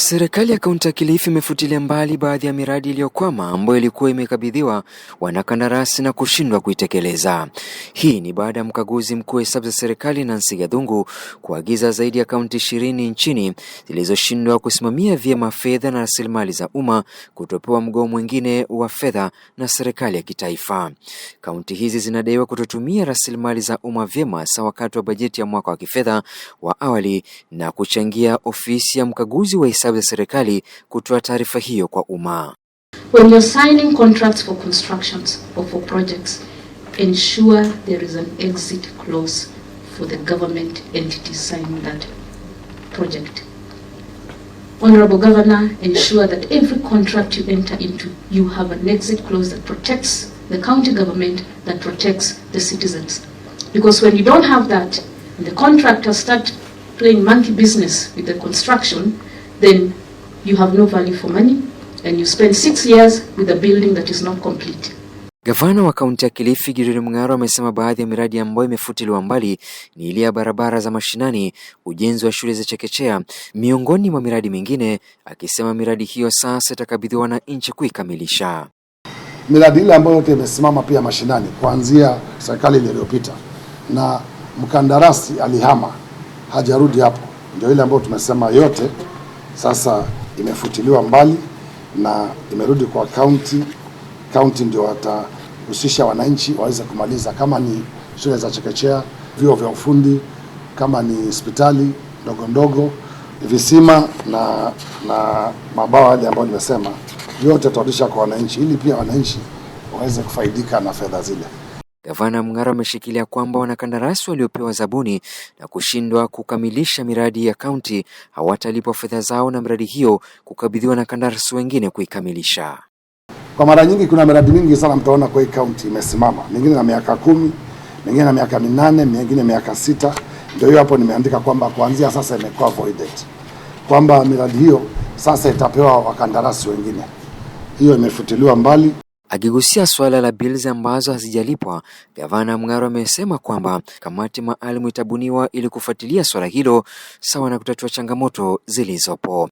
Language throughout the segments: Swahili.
Serikali ya kaunti ya Kilifi imefutilia mbali baadhi ya miradi iliyokwama ambayo ilikuwa imekabidhiwa wanakandarasi na kushindwa kuitekeleza. Hii ni baada ya mkaguzi mkuu wa hesabu za serikali Nancy Gathungu kuagiza zaidi ya kaunti ishirini nchini zilizoshindwa kusimamia vyema fedha na rasilimali za umma kutopewa mgao mwingine wa fedha na serikali ya kitaifa. Kaunti hizi zinadaiwa kutotumia rasilimali za umma vyema sa wakati wa bajeti ya mwaka wa kifedha wa awali na kuchangia ofisi ya mkaguzi wa hesabu hesabu za serikali kutoa taarifa hiyo kwa umma. When you're signing contracts for constructions or for projects, ensure there is an exit clause for the government entity signing that project. Honorable Governor, ensure that every contract you enter into, you have an exit clause that protects the county government, that protects the citizens. Because when you don't have that, and the contractors start playing monkey business with the construction, then you have no value for money and you spend six years with a building that is not complete. Gavana wa kaunti ya Kilifi Gideon Mung'aro amesema baadhi ya miradi ambayo imefutiliwa mbali ni ile ya barabara za mashinani, ujenzi wa shule za chekechea, miongoni mwa miradi mingine, akisema miradi hiyo sasa itakabidhiwa na nchi kuikamilisha. Miradi ile ambayo yote imesimama pia mashinani kuanzia serikali iliyopita, na mkandarasi alihama, hajarudi hapo, ndio ile ambayo tumesema yote sasa imefutiliwa mbali na imerudi kwa kaunti. Kaunti ndio watahusisha wananchi waweze kumaliza, kama ni shule za chekechea, vyuo vya ufundi, kama ni hospitali ndogo ndogo, visima na, na mabwawa yale ambayo nimesema, yote tutarudisha kwa wananchi, ili pia wananchi waweze kufaidika na fedha zile. Gavana Mng'ara ameshikilia kwamba wanakandarasi waliopewa zabuni na kushindwa kukamilisha miradi ya kaunti hawatalipwa fedha zao na miradi hiyo kukabidhiwa na kandarasi wengine kuikamilisha. Kwa mara nyingi kuna miradi mingi sana mtaona kwa hii kaunti imesimama, mingine na miaka kumi, mingine na miaka minane, mingine miaka sita. Ndio hiyo hapo nimeandika kwamba kuanzia sasa imekuwa voided, kwamba miradi hiyo sasa itapewa wakandarasi wengine, hiyo imefutiliwa mbali. Akigusia suala la bills ambazo hazijalipwa, Gavana Mng'aro amesema kwamba kamati maalum itabuniwa ili kufuatilia suala hilo sawa na kutatua changamoto zilizopo.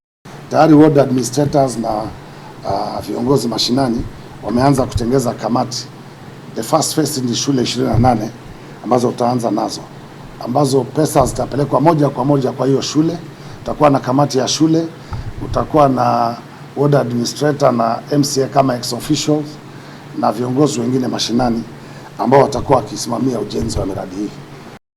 Tayari ward administrators na uh, viongozi mashinani wameanza kutengeza kamati. The first phase ni shule 28 ambazo utaanza nazo, ambazo pesa zitapelekwa moja kwa moja kwa hiyo shule. Utakuwa na kamati ya shule, utakuwa na ward administrator na MCA kama ex officials na viongozi wengine mashinani ambao watakuwa wakisimamia ujenzi wa miradi hii.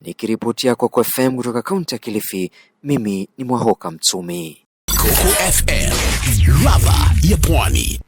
Nikiripotia Coco FM kutoka kaunti ya Kilifi, mimi ni Mwahoka Mtumi. Coco FM, ladha ya Pwani.